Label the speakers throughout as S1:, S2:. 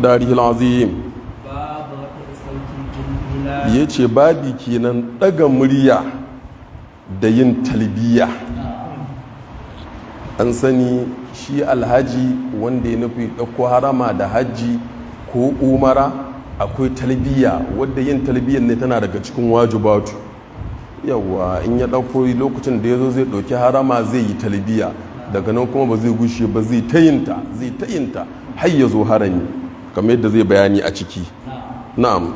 S1: miqdarihi ya yace babi kenan daga murya da yin talbiya an sani shi alhaji wanda ya nufi ɗauko harama da hajji ko umara akwai talbiya wadda yin talbiyan ne tana daga cikin wajibatu yawa in ya ɗauko lokacin da ya zo zai ɗauki harama zai yi talbiya daga nan kuma ba zai gushe ba zai tayinta zai tayinta har ya zo harami kamar yadda zai bayani a ciki na'am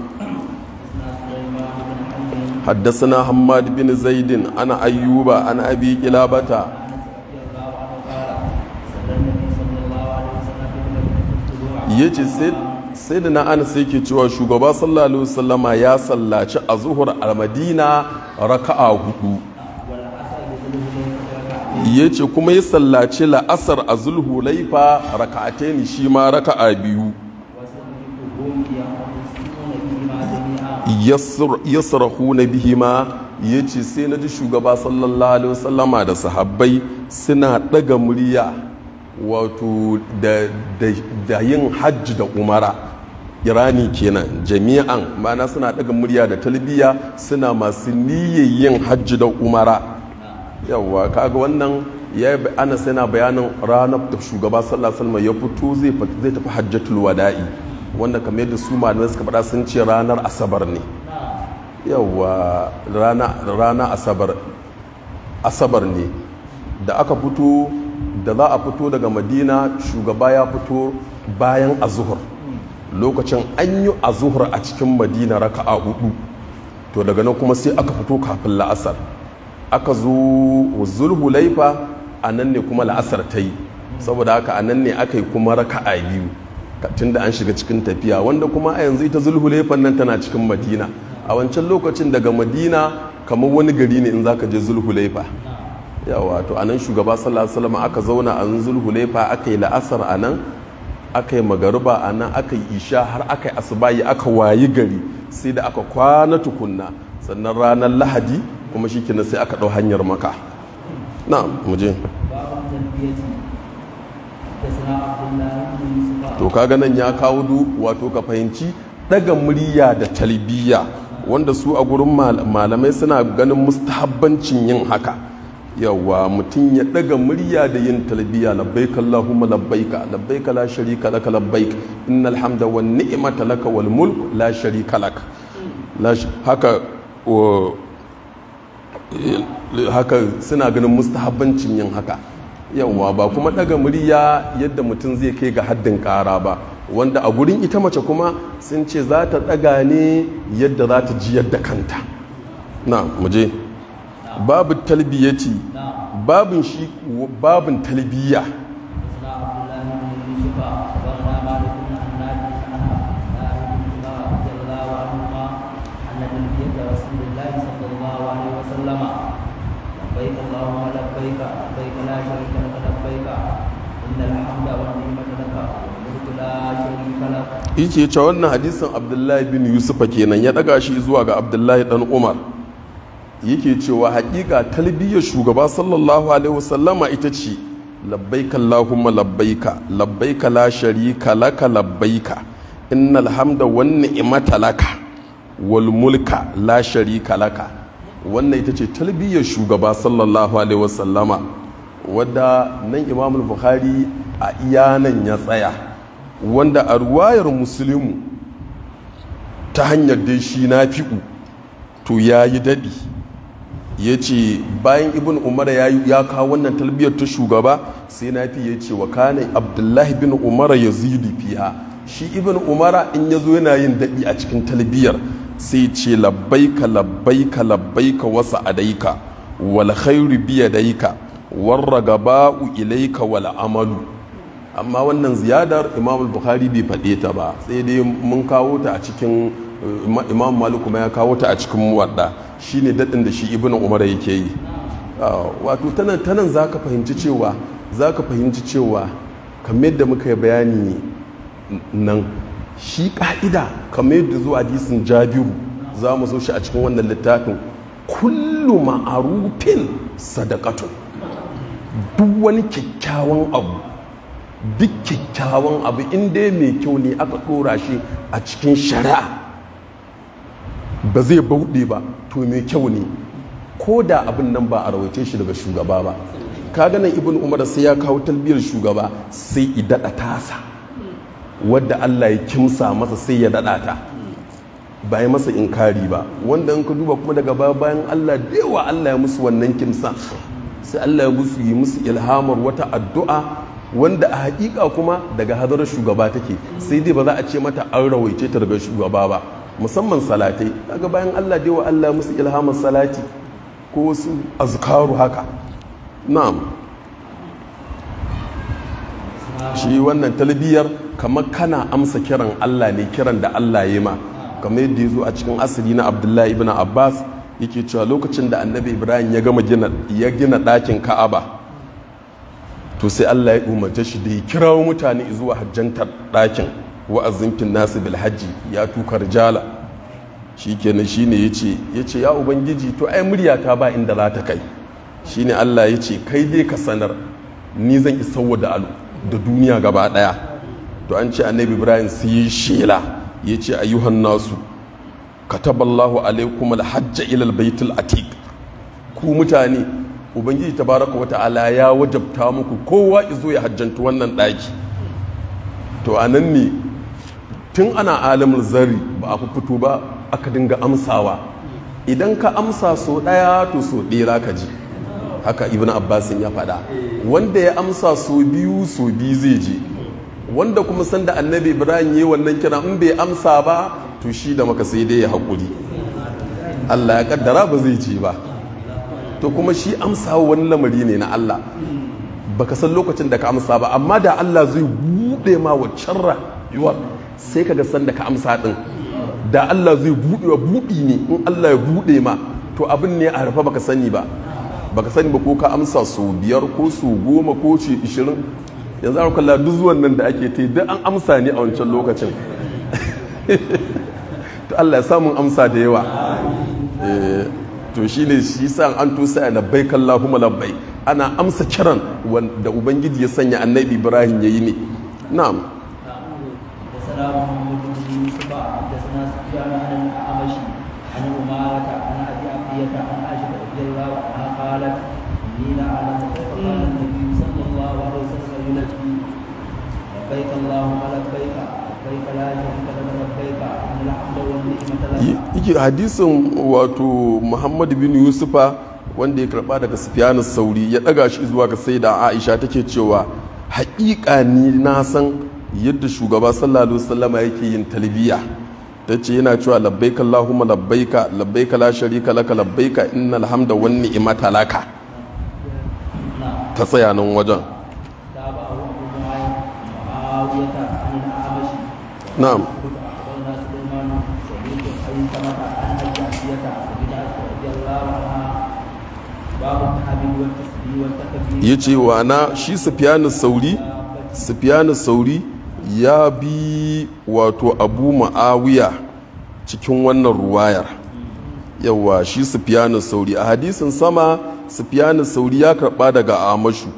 S1: Hamad bin Zaidin ana ayyuba ana abi kilabata. Ya ce sai da na sai ke cewa shugaba sallallahu alaihi wasallama ya sallaci a zuhur almadina raka'a hudu Ya ce kuma ya sallaci la'asar a zulhulaifa raka'ataini shi ma raka'a biyu yasrahuna bihima ce sai ji shugaba sallallahu alaihi wasallama da sahabbai suna daga murya wato da yin hajji da umara irani kenan jami'an mana suna daga murya da talbiya suna masu niyyar yin hajji da umara yawwa kaga wannan ya ana sai na bayanin ranar da shugaba sallallahu alaihi wasallama ya fito zai tafi hajjatul wada'i wanda kamar yadda su malamai suka faɗa sun ce ranar asabar ne yawa rana asabar asabar ne da aka fito da za a fito daga madina shugaba ya fito bayan azuhur lokacin an yi azuhur a cikin madina raka a hudu to daga nan kuma sai aka fito kafin la'asar aka zo zulhu laifa a nan ne kuma la'asar ta yi saboda haka a nan ne aka yi kuma raka a biyu tun da an shiga cikin tafiya wanda kuma a yanzu ita zulhulefan nan tana cikin madina a wancan lokacin daga madina kamar wani gari ne in za ka je zulhulefa wato a nan shugaba sallallahu aka zauna a zulhulefa aka yi la'asar a nan aka yi magariba a nan aka yi isha har aka yi asibayi aka wayi gari sai da aka kwana tukunna sannan ranar lahadi kuma shi sai aka ɗau hanyar maka na muje to kaga nan ya kawo du wato ka fahimci daga murya da talbiya wanda su a gurin malamai suna ganin mustahabbancin yin haka yawa mutum ya daga murya da yin talbiya labbai ka labbai ka la sharika laka labbaik innal hamda wan ni'mata laka wal mulk la sharika laka haka eh, haka suna ganin mustahabbancin yin haka yawwa ba kuma daga murya yadda mutum zai kai ga haddin kara ba wanda a gurin ita mace kuma sun ce za ta daga ne yadda za ta ji yadda kanta na muje babu talbiyati babin shi babin talbiyya.
S2: لبيك اللهم لبيك لبيك لا شريك لك لبيك إن الحمد والنعمة
S1: لك ce wannan hadisin abdullahi bin yusufa kenan ya daga shi zuwa ga abdullahi dan umar yake cewa hakika talbiyar shugaba sallallahu alaihi wasallama ita ce labbaika allahumma labbaika labbaika la sharika laka labbaika innal hamda wan ni'mata laka wal mulka la sharika laka wannan ita ce talbiyar shugaba sallallahu alaihi wasallama wadda nan imamul buhari a iyanan ya tsaya wanda a ruwayar musulmu ta hanyar dai shi na fi'u to ya yi daɗi ya ce bayan ibn umar ya kawo wannan talbiyar ta shugaba sai na fi ya ce wa kane abdullahi bin umar ya zidi fiya shi ibn umara in ya zo yana yin daɗi a cikin talbiyar sai ce labbaika labbaika labbaika wasu adaika wal khairu biyadaika warra gaba'u ilaika wal amalu amma wannan ziyadar imam bukhari bai faɗe ta ba sai dai mun kawo ta a cikin imam malik ma ya kawo ta a cikin Shi shine daɗin da shi ibnu umar yake yi ah, wato tanan tanan zaka fahimci cewa zaka fahimci cewa kamar yadda muka yi bayani nan shi ka'ida kamar yadda zuwa hadisin jabiru za mu so shi a cikin wannan littafin kullu ma'arufin sadakatu. duk wani kyakkyawan abu duk kyakkyawan abu inda mai kyau ne aka ɗora shi a cikin shari'a ba zai bauɗe ba to mai kyau ne ko da abin nan ba a rawaice shi daga shugaba ba ka ganin ibn umar sai ya kawo talbiyar shugaba sai i daɗa tasa wadda Allah ya kimsa masa sai ya daɗa ta ba ya masa inkari ba wanda in ka duba kuma daga baya bayan Allah Allah ya musu wannan kimsa sai Allah ya musu yi musu ilhamar wata addu'a wanda a hakika kuma daga hadarar shugaba take sai dai ba za a ce mata an rawaice ta daga shugaba ba musamman salatai daga bayan Allah da Allah ya musu ilhamar salati ko wasu azkaru haka na'am shi wannan talbiyar kamar kana amsa kiran Allah ne kiran da Allah ya ma kamar yadda ya zo a cikin asiri na Abdullahi ibn Abbas yake cewa lokacin da Annabi Ibrahim ya gama gina ya gina ɗakin Ka'aba to sai Allah ya umarce shi da ya kirawo mutane zuwa hajjantar ɗakin wa'azinkin nasu bilhaji ya tuka rijala shikenan shine yace yace ya ubangiji to ai murya ta ba inda za ta kai shine Allah yace kai dai ka sanar ni zan isa wa da duniya gaba ɗaya to an ce annabi ibrahim su yi shela ya ce ayyuhan nasu kataballahu alaikum alhajja ilal baitul atiq ku mutane ubangiji tabaraka wa ta'ala ya wajabta muku kowa izo ya hajjantu wannan daki to anan ne tun ana alamul zari ba a fito ba aka dinga amsawa idan ka amsa so daya to so ɗera ka ji haka ibn abbasin ya faɗa wanda ya amsa so biyu so biyu zai je wanda kuma san da annabi ibrahim yi wannan kira in bai amsa ba to shi da maka sai dai ya haƙuri allah ya kaddara ba zai ci ba to kuma shi amsa wani lamari ne na allah baka san lokacin da ka amsa ba amma da allah zai buɗe ma waccan rayuwar sai ka ga da ka amsa ɗin da allah zai buɗe wa buɗi ne in allah ya buɗe ma to abin ne a rufe baka sani ba baka sani ba ko ka amsa su biyar ko su goma ko ce ishirin yanzu an kalla duk zuwan nan da ake ta duk an amsa ne a wancan lokacin to Allah ya samun amsa da yawa eh, to shine shi sa an tusa kalla kuma labbai ana amsa kiran da ubangiji ya sanya annabi Ibrahim ya yi ne na'am
S2: قالت إني
S1: hadisin wato muhammadu bin yusufa wanda ya karba daga Sufyanu Sauri ya daga shi zuwa ga da Aisha take cewa haƙiƙa ni na san yadda shugaba sallallahu alaihi wasallama yake yin talbiya ta ce yana cewa labbaika Allahumma labbaika labbaika la sharika laka labbaika innal hamda wa ni'mata laka ka tsaya nan wajen
S2: na'am ya ce
S1: wa na shi sufiyanu sauri sufiyanu sauri ya bi wato abu ma'awiya cikin wannan ruwayar yawa shi sufiyanu sauri a hadisin sama sufiyanin sauri ya karɓa daga amashu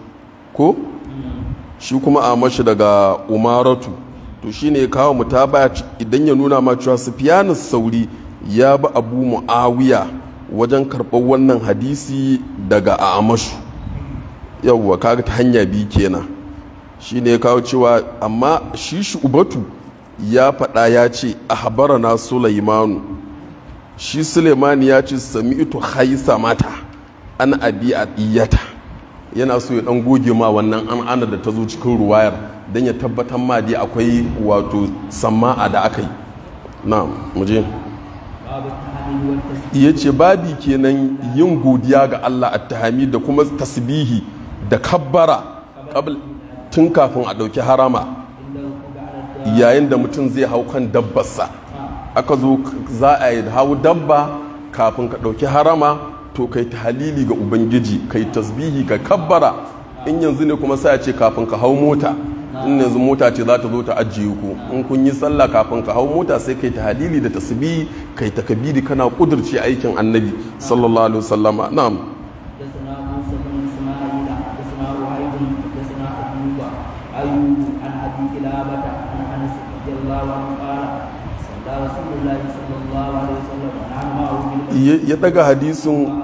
S1: ko shi kuma amashu daga umaratu to shi ne kawo mu idan ya nuna ma cewa sufiyanin sauri ya bi abu mu'awiya wajen karɓar wannan hadisi daga amashu yawwa kaga ta hanya biyu kenan shi ne kawo cewa amma shi shi ubatu ya faɗa ya ce a habara na sulaimanu shi suleimani ya ce ito haisa mata an abi a iyata yana so ya dan goge ma wannan an ana da ta zo cikin ruwayar don ya tabbatar ma dai akwai wato sama'a da aka yi na muje ya ce babi kenan yin godiya ga Allah a da kuma tasbihi da kabbara tun kafin a ɗauki harama yayin da mutum zai hau kan dabbarsa aka zo za a yi hau dabba kafin ka ɗauki harama to kai halili ga ubangiji kai tasbihi ka kabbara in yanzu ne kuma sai ce kafin ka hau mota in yanzu mota ce za ta zo ta ajiye ku in kun yi sallah kafin ka hau mota sai kai tahalili da tasbihi kai takabiri kana kudurci aikin annabi sallallahu alaihi wasallam na'am ya daga hadisin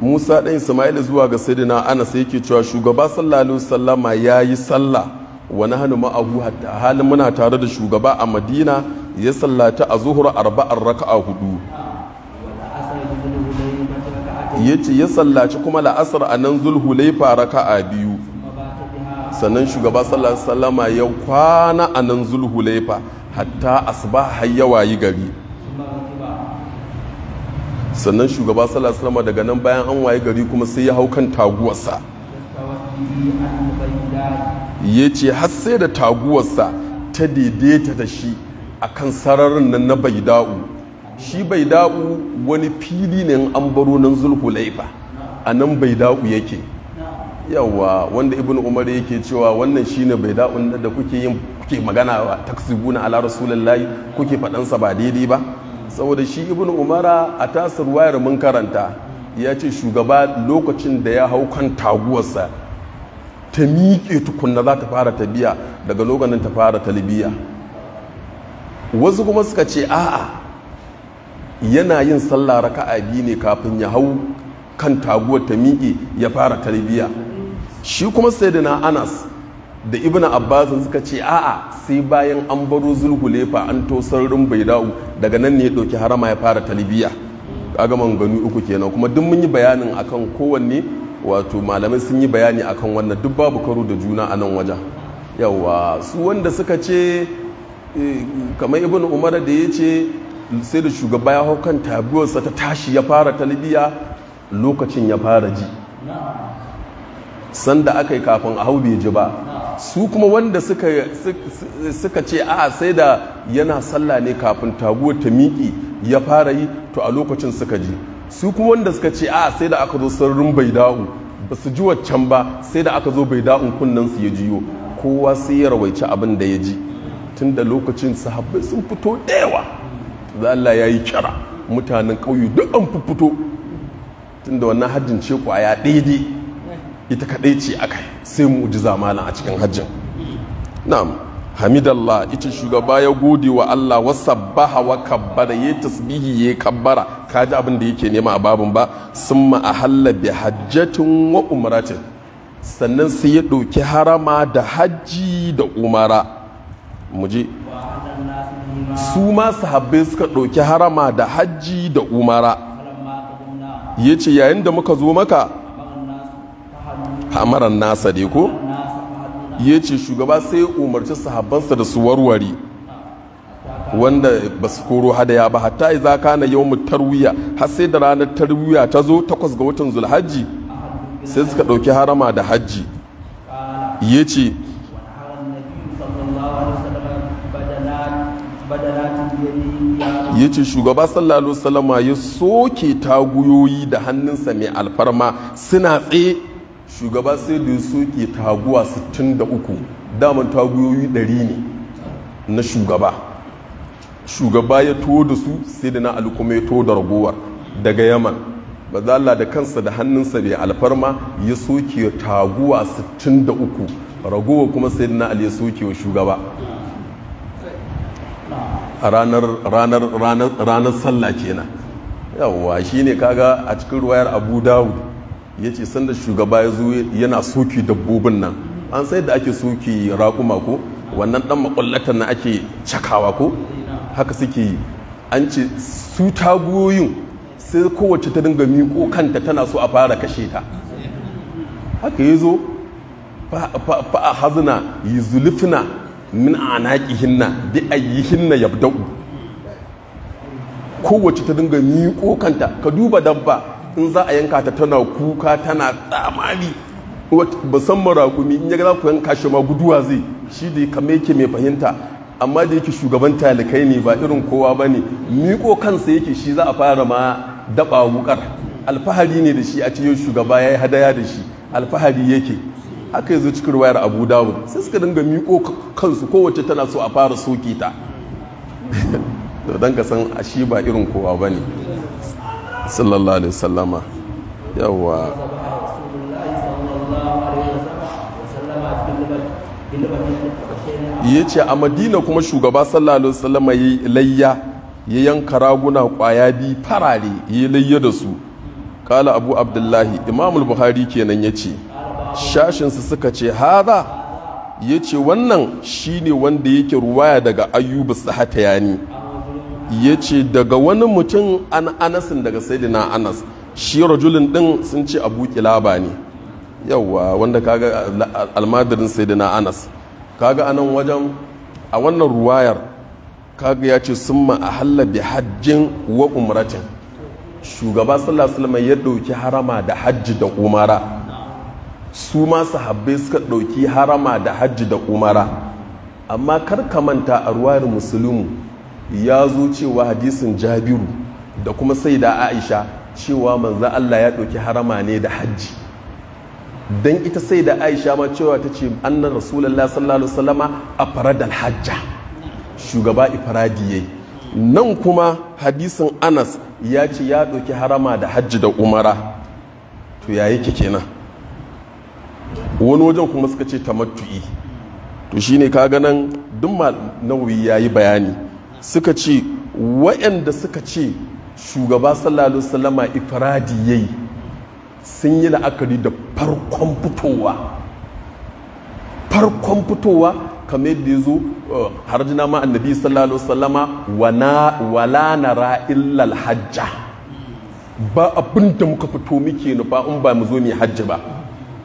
S1: musa ɗan ismail zuwa ga sayyidina sai yake cewa shugaba sallallahu alaihi ya yi sallah wa nahnu ma'ahu hatta halin muna tare da shugaba a madina ya sallata a zuhur arba'ar raka'a hudu ya ce ya sallaci kuma la'asar a nan zulhulaifa raka'a biyu sannan shugaba sallallahu alaihi ya kwana a nan zulhulaifa hatta asuba har yi gari sannan shugaba sallallahu alaihi daga nan bayan an waye gari kuma sai ya hau kan taguwarsa ya ce har sai da taguwarsa ta daidaita da shi a kan sararin nan na baida'u shi baida'u wani fili ne an baro nan zulhulaifa a nan baida'u yake yawa wanda ibn umar yake cewa wannan shine baida'un da kuke yin kuke magana wa na ala rasulullahi kuke faɗansa ba daidai ba saboda shi ibn umara a tasir wayar mun karanta ya ce shugaba lokacin da ya hau kan taguwarsa ta miƙe tukunna za ta fara tabiya daga lokacin ta fara talbiya wasu kuma suka ce a'a yana yin sallah raka'a biyu ne kafin ya hau kan taguwar ta miƙe ya fara talbiya shi kuma na anas da ibn abbas suka ce a'a sai bayan an baro zulhulefa an to sararin bai daga nan ne ya ɗauki harama ya fara talibiya kaga gani uku kenan kuma duk mun yi bayanin akan kowanne wato malamai sun yi bayani akan wannan duk babu karo da juna a nan wajen yawa su wanda suka ce eh, kamar ibn umar da ya ce sai da shugaba ya hau tabiwarsa ta tashi ya fara talibiya lokacin ya fara ji sanda aka yi kafin a hau bai ji ba su kuma wanda suka ce a sai da yana sallah ne kafin taguwar ta miƙi ya fara yi to a lokacin suka ji su kuma wanda suka ce a sai da aka zo sararin bai da'u ba su ji waccan ba sai da aka zo bai da'un kunnen su ya jiyo kowa sai ya rawaici abin da ya ji tun da lokacin sahabbai sun fito dayawa za Allah ya yi kira mutanen ƙauye duk an fito tun da wannan hajjin ce ya daidai ita kaɗai ce aka yi sai mu malam a cikin hajjin na'am hamidallah ita shugaba ya gode wa Allah wasa sabbaha wa kabbara ya tasbihi ya kabbara kaji abin da yake nema a babin ba sun ma'ahalla bi hajjatin wa umratin sannan sai ya ɗauki harama da hajji da umara muje su ma sahabbai suka ɗauki harama da hajji da umara ya ce yayin da muka zo maka hamaran nasa dai ko ya ce shugaba sai umarci sahabbansa da su warware wanda ba su koro hadaya ba hatta iza kana yawmu tarwiya har sai da ranar tarwiya ta zo takwas ga watan zulhajji sai suka ɗauki harama da hajji ya ce ya ce shugaba sallallahu alaihi ya soke taguyoyi da hannunsa mai alfarma suna tsaye shugaba sai da ya soke taguwa 63 daman taguyoyi 100 ne na shugaba shugaba ya to da su sai da na alkuma ya to da ragowar daga yaman ba za bazala da kansa da hannunsa bai alfarma ya soke taguwa 63 ragowar kuma sai da na ali ya soke wa shugaba a ranar sallah kenan yawwa shine kaga a cikin ruwayar abu dawud ya ce sanda shugaba ya zo yana soki dabbobin nan an sai da ake soki raƙuma ko wannan dan makullatan na ake cakawa ko haka suke yi an ce su tagoyin sai kowace ta dinga miƙo kanta tana so a fara kashe ta haka ya zo fa'a hazina yi zulufina min a anaqihinna bi hinna yabda'u kowace ta dinga miƙo kanta ka duba dabba in za a yanka ta tana kuka tana tsamani musamman rakumi in ya ga za ku yanka shi ma guduwa zai shi da kamar yake mai fahimta amma da yake shugaban talikai ne ba irin kowa ba ne miko kansa yake shi za a fara ma daba wukar alfahari ne da shi a cikin shugaba ya yi hadaya da shi alfahari yake haka yanzu cikin wayar abu dawud sai suka dinga miko kansu kowace tana so a fara soke ta don ka san a shi ba irin kowa ba ne sallallahu alaihi wasallama yawa ya ce a madina kuma shugaba sallallahu alaihi wasallama ya layya ya yanka raguna kwaya biyu farare ya layya da su kala abu abdullahi imamul buhari kenan ya ce shashinsu suka ce haza ya ce wannan shine wanda yake ruwaya daga ayyubu sahatayani ya ce daga wani mutum an anasin daga na anas shi rajulin din sun ce abu kilaba ne yawa wanda kaga almadirin na anas kaga anan wajen a wannan ruwayar kaga ya ce sun ma ma'ahalla bi hajjin wa umratin shugaba sallallahu ya ɗauki harama da hajji da umara su ma sahabbai suka ɗauki harama da hajji da umara amma kar ka manta a ruwayar musulmi ya zo cewa hadisin jabiru da kuma sai da aisha cewa manza Allah ya ɗauki harama ne da hajji don ita sai da aisha ma cewa ta ce annan rasulallah sallallahu salama a faradar hajja shugaba ifaradi ya nan kuma hadisin anas ya ce ya ɗauki harama da hajji da umara to ya yake kenan wani wajen kuma suka ce ta matu'i to shine kaga nan duk nauyi ya yi bayani suka ce waɗanda suka ce shugaba sallallahu salama ifradi yayi sun yi la'akari da farkon fitowa farkon fitowa kamar da ya zo uh, har jina ma annabi sallallahu salama wala nara illal hajja ba abin da muka fito muke nufa in ba mu zo mai hajji ba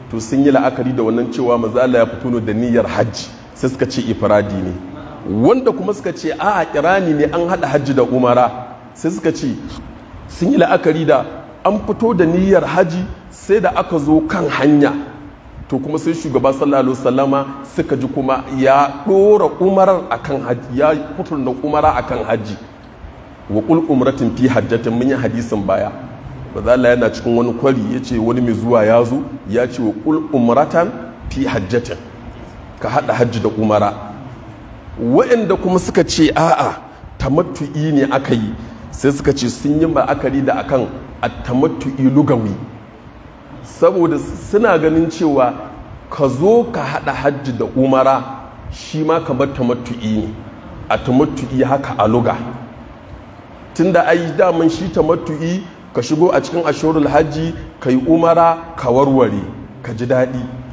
S1: to sun yi la'akari da wannan cewa mazala ya fito da niyyar hajji sai suka ce ifradi ne wanda kuma suka ce a kirani ne an hada hajji da umara sai suka ce sun yi la'akari da an fito da niyyar haji sai da aka zo kan hanya to kuma sai shugaba sallallahu alaihi wasallama suka ji kuma ya dora umarar akan haji ya da umara akan haji wa qul umratin fi hajjatin mun yi hadisin baya bazala yana cikin wani kwari yace wani mai zuwa ya zo ya ce wa qul umratan fi hajjatin ka hada hajji da umara waɗanda kuma suka ce a'a tamattu'i ne aka yi sai suka ce sun yi ma'akari da akan a tamattu'i lugawi saboda suna ganin cewa ka zo ka haɗa hajji da umara shi ma kamar tamattu'i ne a tamattu'i haka a luga tunda ai daman shi tamattu'i ka shigo a cikin ashurul hajji ka yi umara ka warware ka ji daɗi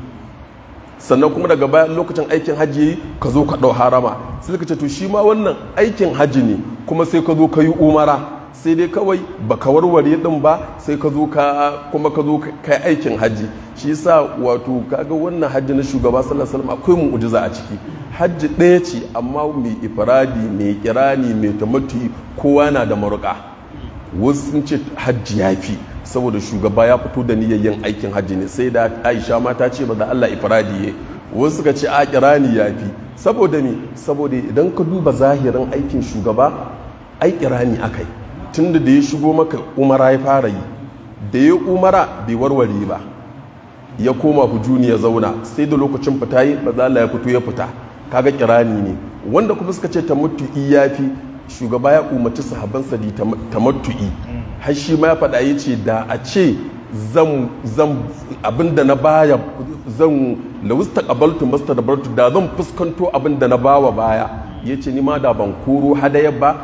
S1: sannan kuma daga bayan lokacin aikin hajji ka zo ka ɗau harama sai ka ce to shi ma wannan aikin hajji ne kuma sai ka zo ka yi umara sai dai kawai ba ka warware ɗin ba sai ka zo ka kuma ka zo kai aikin hajji shi sa wato kaga wannan hajji na shugaba sallallahu alaihi akwai akwai muujiza a ciki hajji ɗaya ce amma mai ifradi mai kirani mai tamattu kowa na da maruka wasu sun ce hajji ya fi saboda shugaba ya fito da niyyar yin aikin hajji ne sai da aisha ma ta ce da allah ifiradi ya wasu suka ce a kirani ya fi saboda ni saboda idan ka duba zahirin aikin shugaba ai kirani akai tunda da ya shigo maka umara ya fara yi da ya umara bai warware ba ya koma hujuni ya zauna sai da lokacin fita yi ba za allah ya fito ya fita kaga kirani ne wanda kuma suka ce tamattu'i ya fi shugaba ya umarci sahabansa da tamattu'i har shi ma ya faɗa ya ce da a ce zan abinda na baya zan lawusta qabaltu masta da bartu da zan fuskanto abinda na bawa baya ya ce ni ma da ban koro hadaya ba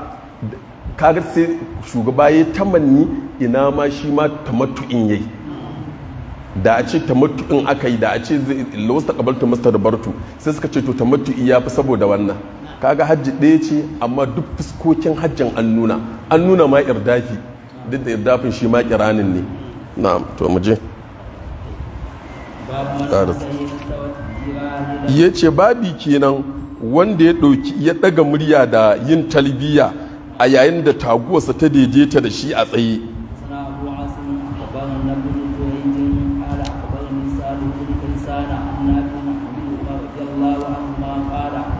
S1: kaga sai shugaba ya tamanni ina ma shi ma tamattu'in yayi da a ce tamattu'in aka yi da a ce lawusta qabaltu masta da bartu sai suka ce to tamattu'i ya fi saboda wannan kaga hajji ɗaya ce amma duk fuskokin hajjin an nuna an nuna ma irdafi duk da irdafin shi ma kiranin ne na to mu je ya ce babi kenan wanda ya ɗauki ya ɗaga murya da yin talbiya a yayin da taguwarsa ta daidaita da shi a tsaye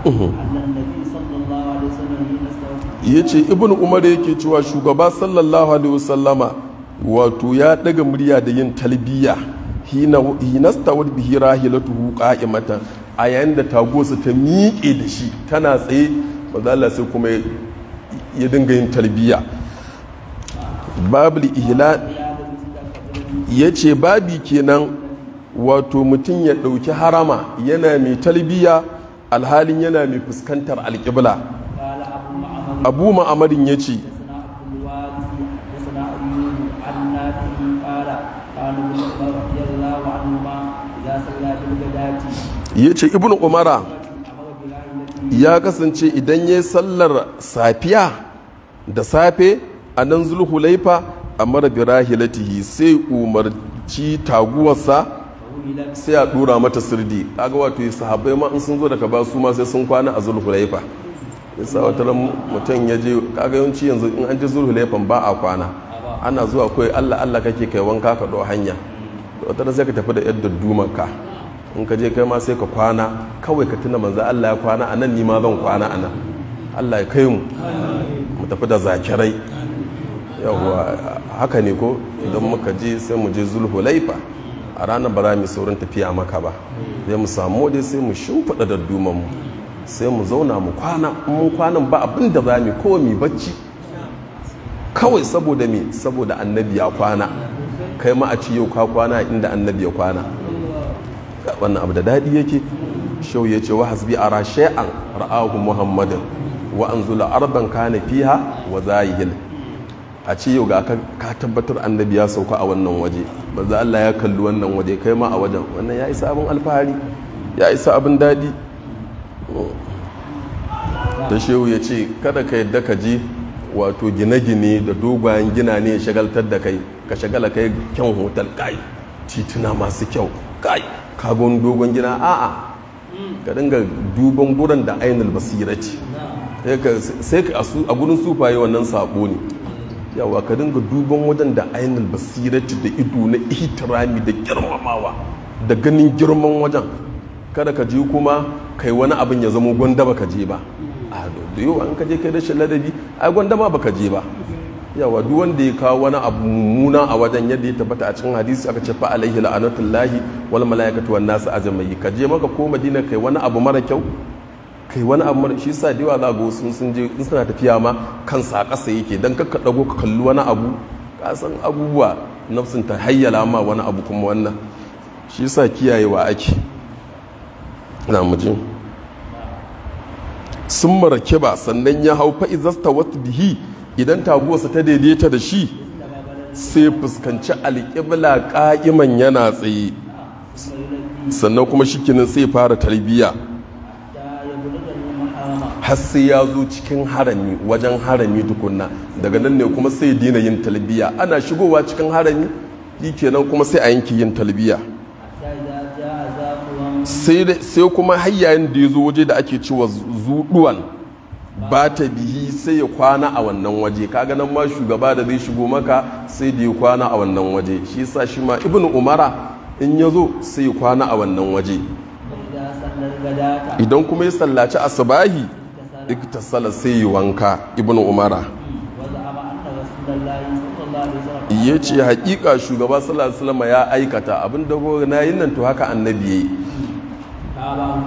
S1: Mm-hmm. ya ce ibn umar yake cewa shugaba sallallahu alaihi wasallama wato ya daga murya da yin talbiya hinasta wadda bihi rahilatuhu qa'imatan a yayin da tagosa ta miƙe da shi tana tsaye la sai kuma ya dinga yin talbiya babul ihla ya ce babi kenan wato mutum ya ɗauki harama yana mai talbiya alhalin yana mai fuskantar alƙibla abu ma'amadin ya ce ya ce ibn umara ya kasance idan ya sallar safiya da safe a nan zulhulaifa a mara birahilatihi sai umarci taguwarsa sai a dora mata sirdi kaga wato sahabbai ma in sun zo daga ba su ma sai sun kwana a zulhulaifa nisa wata mutum ya je kaga yanzu in an ji zurhu laifin ba a kwana ana zuwa kawai allah allah kake kai wanka ka ɗau hanya wata ran sai ka tafi da yadda dumanka in ka je kai ma sai ka kwana kawai ka tuna manzo allah ya kwana a nan ni ma zan kwana a nan allah ya kai mu mu tafi da zakirai yawwa haka ne ko idan muka je sai mu je zulhu laifa a ranar ba za mu saurin tafiya maka ba zai mu samu dai sai mu shimfiɗa mu sai mu zauna mu kwana mu kwanan ba abin da za mu ko mu bacci kawai saboda me saboda annabi ya kwana kai ma a ci yau ka kwana inda annabi ya kwana wannan abu da daɗi yake shau ya ce wa hasbi ara shay'an ra'ahu muhammadin wa anzula arban kana fiha wa zahil a ce yau ga ka tabbatar annabi ya sauka a wannan waje manzo Allah ya kalli wannan waje kai ma a wajen wannan ya isa abin alfahari ya isa abin daɗi da shehu ya ce kada ka yadda ka ji wato gine-gine da dogayen gina ne ya shagaltar da kai ka shagala kai kyan hotel kai tituna masu kyau kai kagon dogon gina a'a ka dinga duban gurin da ainihin basira ce sai ka a gurin sufaye wannan sabo ne yawa ka dinga duban wajen da ainihin basira ce da ido na ihtirami da girmamawa da ganin girman wajen kada ka ji kuma kai wani abin ya zama gwanda baka je ba a dodo yau an kaje kai rashin ladabi a gwanda ma baka je ba yawa duk wanda ya kawo wani abu mummuna a wajen yadda ya tabbata a cikin hadisi aka ce fa alaihi la'anatullahi wal malaikatu wan nasu ajmai ka je maka ko madina kai wani abu mara kyau kai wani abu mara shi yasa diwa za ga sun sun je in suna tafiya ma kansa a kasa yake dan kakka dago ka kalli wani abu ka san abubuwa nafsin ta hayyala ma wani abu kuma wannan shi yasa kiyayewa ake na sun marake ba sannan ya hau fa'izasta wata bihi idan taguwarsa ta daidaita da shi sai fuskanci alƙibla ƙa'iman yana tsaye sannan kuma shikinin sai fara tarbiyya har sai ya zo cikin harami wajen harami tukunna daga nan ne kuma sai dina yin talbiya ana shigowa cikin harami kenan kuma sai a yanki yin talbiya sai kuma hayayen da ya zo waje da ake cewa zuɗuwan ba ta bihi sai ya kwana a wannan waje kaga nan ma shugaba da zai shigo maka sai da ya kwana a wannan waje shi sa shi ma ibn umara in ya zo sai ya kwana a wannan waje idan kuma ya sallaci asubahi iktasala sai ya wanka ibn umara ya ce hakika shugaba sallallahu ya aikata abin da na yin nan to haka annabi yayi تابعه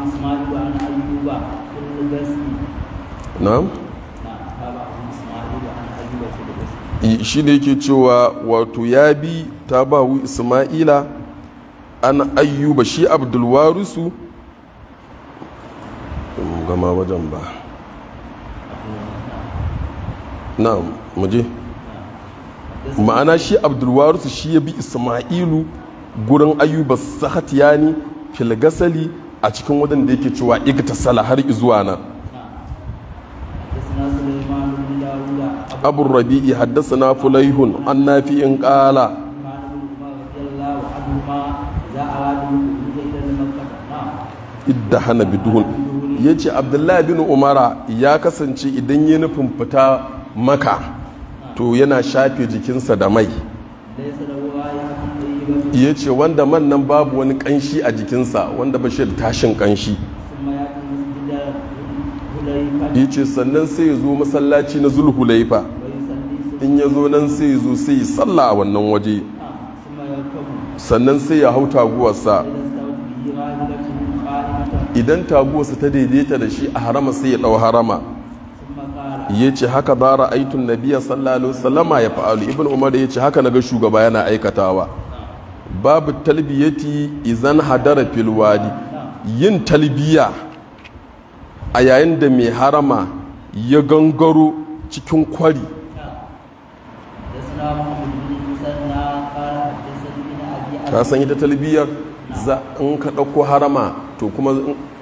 S1: shi ne yake cewa wato ya bi ta bawu isma'ila an ayyuba shi abdulwarusu gama wajen ba na muje ma'ana shi abdulwarusu shi ya bi isma'ilu gurin ayyuba sahatiyani filgasali a cikin waɗanda yake cewa ta sala har izuwa nan abu rabi'i haddasa na fulaihun an na fi in ƙala idda hana biduhun ya ce abdullahi bin umara ya kasance idan ya nufin fita maka to yana shafe jikinsa da mai ya ce wanda man nan babu wani kanshi a jikinsa wanda ba shi da tashin kanshi ya ce sannan sai ya zo masallaci na zulhulaifa in ya zo nan sai ya zo sai ya salla a wannan waje sannan sai ya hau taguwarsa idan taguwarsa ta daidaita da shi a harama sai ya ɗau harama ya ce haka za ra'aitun nabiya sallallahu salama ya fa'alu ibn umar ya ce haka naga shugaba yana aikatawa babu talbiyati izan hadara filwadi yin talbiya a yayin da mai harama ya gangaro cikin kwari ka san ita talbiyar za in ka ɗauko harama to kuma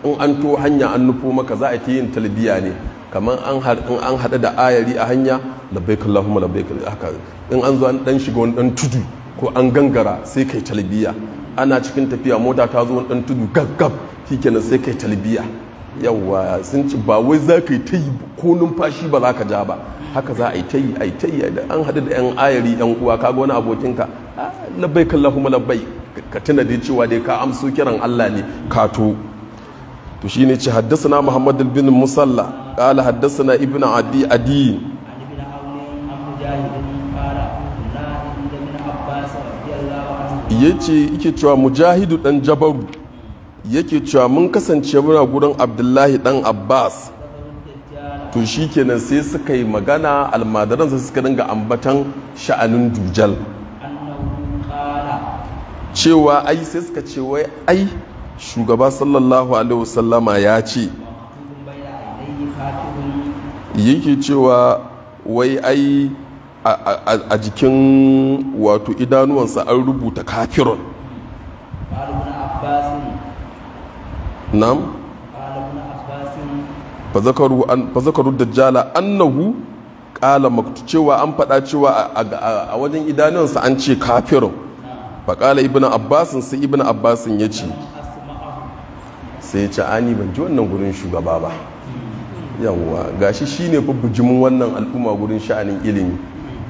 S1: in an to hanya an nufo maka za a ta yin talbiya ne kamar an haɗa da ayari a hanya labbaik Allahumma labbaik haka in an zo an ɗan shiga wani ɗan tudu ko an gangara sai kai talbiya ana cikin tafiya mota ta zo ɗan tudu gaggab na sai kai talbiya yawa sun ci ba wai za ka yi ta yi ko numfashi ba za ka ja ba haka za a yi ta yi a yi ta yi da an haɗu da 'yan ayari 'yan uwa kaga wani abokinka ah, labbai kallahuma labbai ka tuna dai cewa dai ka amso kiran Allah ne ka to to shine ce haddasa Muhammad bin Musalla qala haddasa ibnu Adi Adi yace yake cewa mujahidu dan jabaru yake cewa mun kasance muna gurin abdullahi dan abbas to shi kenan sai suka yi magana almadaransa suka dinga ambatan sha'anin dujal cewa ai sai suka ce wai ai shugaba sallallahu alaihi wasallama ya ce yake cewa wai ai a jikin wato idanuwansa an rubuta kafirun nam fazakaru dajjala annahu kala maktu cewa an faɗa cewa a wajen idanuwansa an ce kafirun faƙala ibn abbasin sai ibn abbasin ya ce sai ya ce ani ban ji wannan gurin shugaba ba yawwa gashi shine fa bujimin wannan al'umma gurin sha'anin ilimi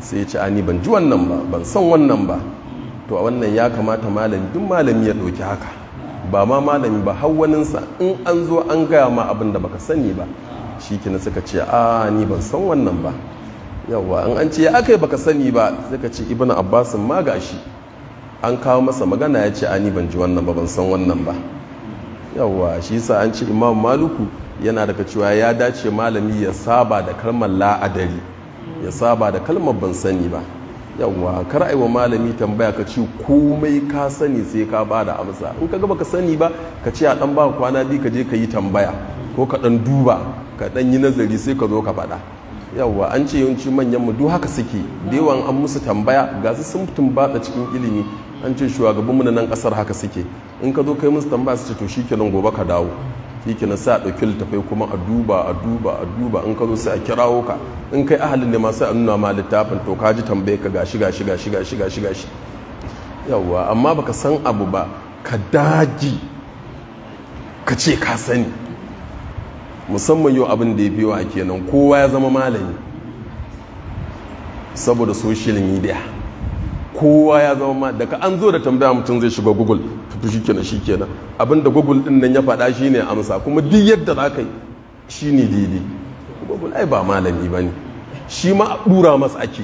S1: sai ya ci ani ban ji wannan ba ban san wannan ba to a wannan ya kamata malami duk malami ya ɗauki haka ba ma malami ba hawaninsa in an zo an gaya ma abin da baka sani ba shi kina suka ce a ni ban san wannan ba yawwa in an ce ya aka baka sani ba suka ce ibn abbasin ma gashi an kawo masa magana ya ce a ni ban ji wannan ba ban san wannan ba yawwa shi sa an ce imam maluku yana daga cewa ya dace malami ya saba da kalmar la'adari ya saba da kalmar ban sani ba yawwa kar aiwa malami tambaya ka ce komai ka sani sai ka ba da amsa in ka gaba ka sani ba ka ce a dan ba kwana biyu ka je ka yi tambaya ko ka dan duba ka dan yi nazari sai ka zo ka faɗa yawwa an ce yawanci manyan mu duk haka suke da yawan an musu tambaya ga su sun tumbatsa cikin ilimi an ce shugabanmu na nan kasar haka suke in ka zo kai musu tambaya su ce to shikenan gobe ka dawo ke nasa a ɗauki littafai kuma a duba a duba a duba in ka zo sai a kirawo ka in kai ahalin ne masu sai a nuna ma littafin to ka ji tambaye ka gashi gashi gashi gashi gashi gashi yawwa amma baka san abu ba ka daji ka ce ka sani musamman yau abin da ya fi yawa kenan kowa ya zama malami saboda social media kowa ya zama ma daga an zo da tambaya mutum zai shiga google tutu shikenan shikenan abinda google din nan ya faɗa ne amsa kuma duk yadda za ka yi ne daidai google ai ba malami ba ne shi ma dura masa ake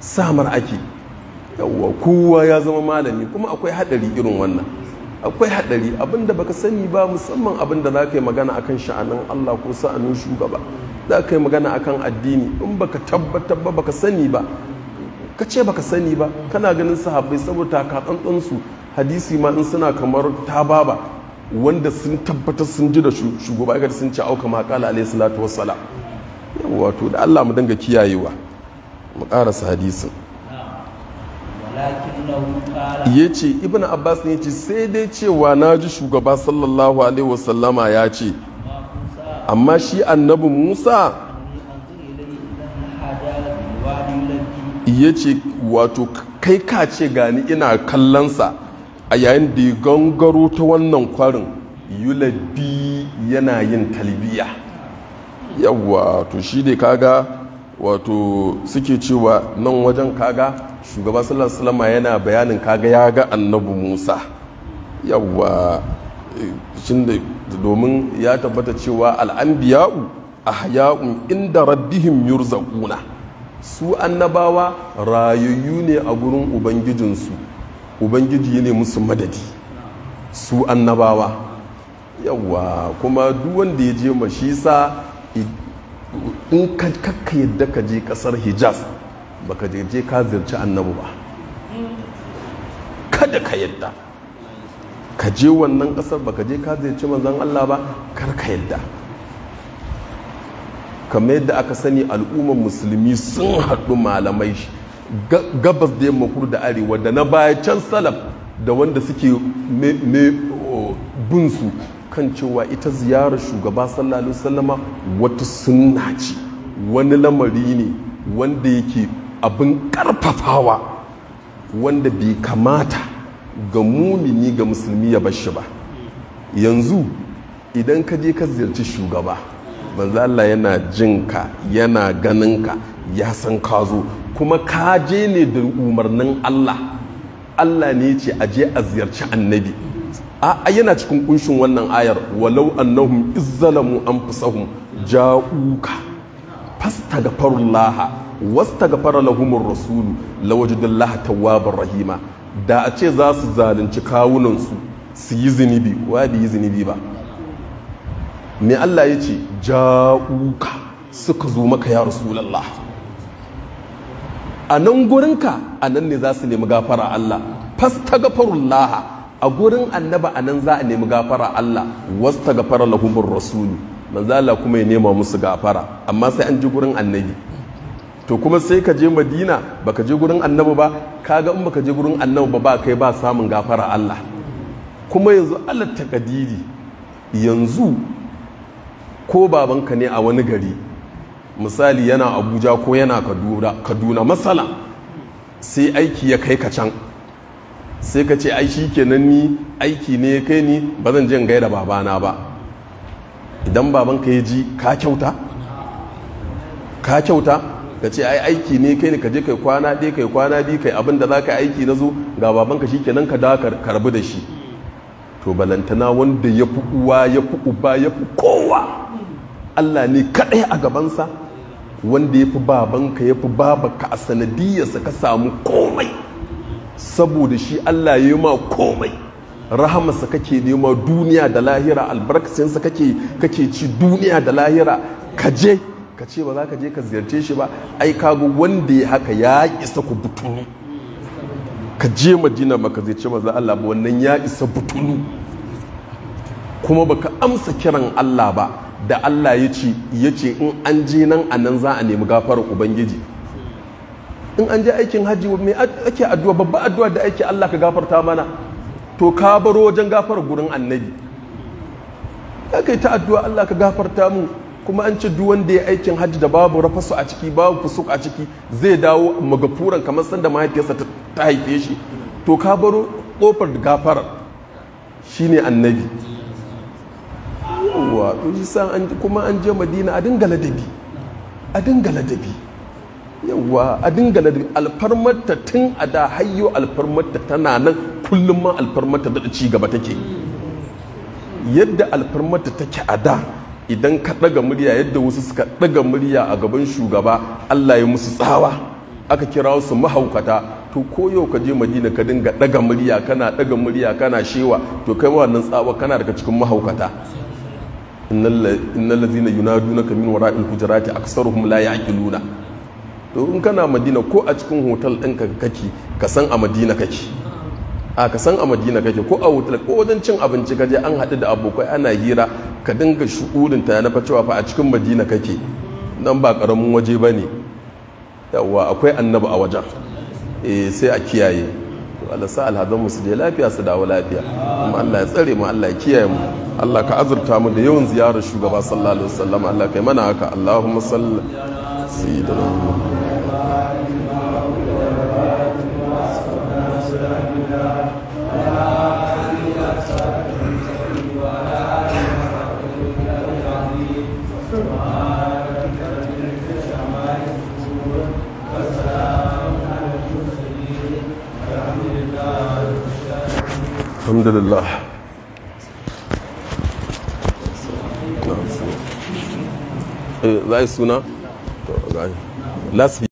S1: samar ake yawwa kowa ya zama malami kuma akwai haɗari irin wannan akwai haɗari abinda baka sani ba musamman abinda za ka yi magana akan sha'anin allah ko sa'anin shugaba za ka yi magana akan addini in baka tabbatar ba baka sani ba ka ce baka sani ba kana ganin sahabbai saboda kaɗanɗansu hadisi ma in suna kamar baba wanda sun tabbatar sun ji da shugaba ga sun ce auka maƙala alayhi salatu wassala yawa to da Allah mu dinga kiyayewa mu karasa hadisin ya ce ibn abbas ne ce sai dai cewa na ji shugaba sallallahu alaihi wasallama ya ce amma shi annabi musa ya ce wato kai ka ce gani ina kallonsa a yayin da ya gangaro ta wannan kwarin yulabi yana yin talbiya yawwa to shi ne kaga wato suke cewa nan wajen kaga shugaba sallallahu yana bayanin kaga ya ga annabi musa yawwa domin ya tabbata cewa al'ambiya'u ahya'un inda rabbihim yurzaquna su annabawa rayayyu ne a gurin ubangijinsu ubangiji ne musu madadi su annabawa yawa kuma duk wanda ya je mashisa in kakka yadda ka je kasar hijaz baka je ka zirci annabu ba kada ka yadda ka je wannan kasar baka je ka zirci manzan allah ba kar ka yadda kamar yadda aka sani al'ummar musulmi sun haɗu malamai gabas da yamma kudu da arewa da na baya can salaf da wanda suke bin su kan cewa ita ziyarar shugaba sallallahu sallama wata sunna ce wani lamari ne wanda yake abin karfafawa wanda bai kamata ga mumini ga musulmi ya bashi ba yanzu idan ka je ka ziyarci shugaba manzo Allah yana jinka yana ganinka ya san ka zo kuma ka je ne da umarnin Allah Allah ne ce a je a ziyarci annabi a yana cikin kunshin wannan ayar walau annahum izzalamu anfusahum ja'uka fastaghfirullah wastaghfara lahumur rasul lawajidallaha tawwabar rahima da a ce za su zalunci kawunansu su yi zunubi wa bi yi zunubi ba me Allah ya ce ja'uka suka zo maka ya rasulallah a nan gurinka a nan ne za su nemi gafara Allah Fas fasta gafarullaha a gurin annaba a nan za a nemi gafara Allah ta gafara lahumur rasulu manzo Allah kuma ya nema musu gafara amma sai an ji gurin annabi to kuma sai ka je Madina baka je gurin annabi ba kaga in baka je gurin annabi ba ba kai ba samun gafara Allah kuma yanzu Allah takadiri yanzu ko babanka ne a wani gari misali yana abuja ko yana kaduna matsala sai aiki ya kai ka can sai ka ce ai shi kenan ni aiki ne ya kai ni ba zan jin gaida babana ba idan babanka ya ji ka kyauta ka kyauta ka ce ai aiki ne kai ne ka je kai kwana ɗaya kai kwana biyu kai abin za ka aiki na zo ga babanka shi kenan ka da ka rabu da shi to balantana wanda ya fi uwa ya fi uba ya fi kowa Allah ne kaɗai a gabansa wanda ya fi babanka ya fi babanka a sanadiyarsa ka samu komai saboda shi Allah ya yi ma komai rahamarsa kake nema duniya da lahira albarkacinsa kake kake ci duniya da lahira ka je ka ce ba za ka je ka ziyarce shi ba ai kago wanda ya haka ya isa ku butuni ka je madina maka zai ce maza Allah ba wannan ya isa butulu kuma baka amsa kiran Allah ba da Allah ya ce ya in an je nan a nan za a nemi gafarar ubangiji in an je aikin hajji mai ake addu'a babba addu'a da ake Allah ka gafarta mana to ka baro wajen gafarar gurin annabi ya kai ta addu'a Allah ka gafarta mu kuma an ce duk wanda ya aikin hajji da babu rafasu a ciki babu fusuk a ciki zai dawo magafuran kamar sanda mahaifiyarsa ta haife shi to ka baro kofar gafarar shine annabi
S2: yawa
S1: to san kuma an je madina a dinga ladabi a dinga ladabi yawa a dinga ladabi ta tun a da hayyo ta tana nan kullum ma ta da ci gaba take yadda ta take a da idan ka ɗaga murya yadda wasu suka ɗaga murya a gaban shugaba Allah ya musu tsawa aka kira su mahaukata to ko ka je madina ka dinga ɗaga murya kana ɗaga murya kana shewa to kai wannan tsawa kana daga cikin mahaukata innal ladzina yunadunaka min wara'il hujurati aksaruhum la ya'qiluna to in kana madina ko a cikin hotel ɗinka kake ka san a madina kake a ka san a madina kake ko a wutar ko wajen cin abinci kaje an haɗu da abokai ana hira ka dinga shu'urin ta na cewa fa a cikin madina kake nan ba ƙaramin waje ba ne yawa akwai annabi a wajen eh, sai a kiyaye Allah sa alhazan mu su je lafiya su dawo lafiya kuma Allah ya tsare mu Allah ya kiyaye mu Allah ka azurta mu da yawan ziyarar shugaba sallallahu alaihi wasallam Allah kai mana haka Allahumma salli sayyidina Muhammad الحمد لله za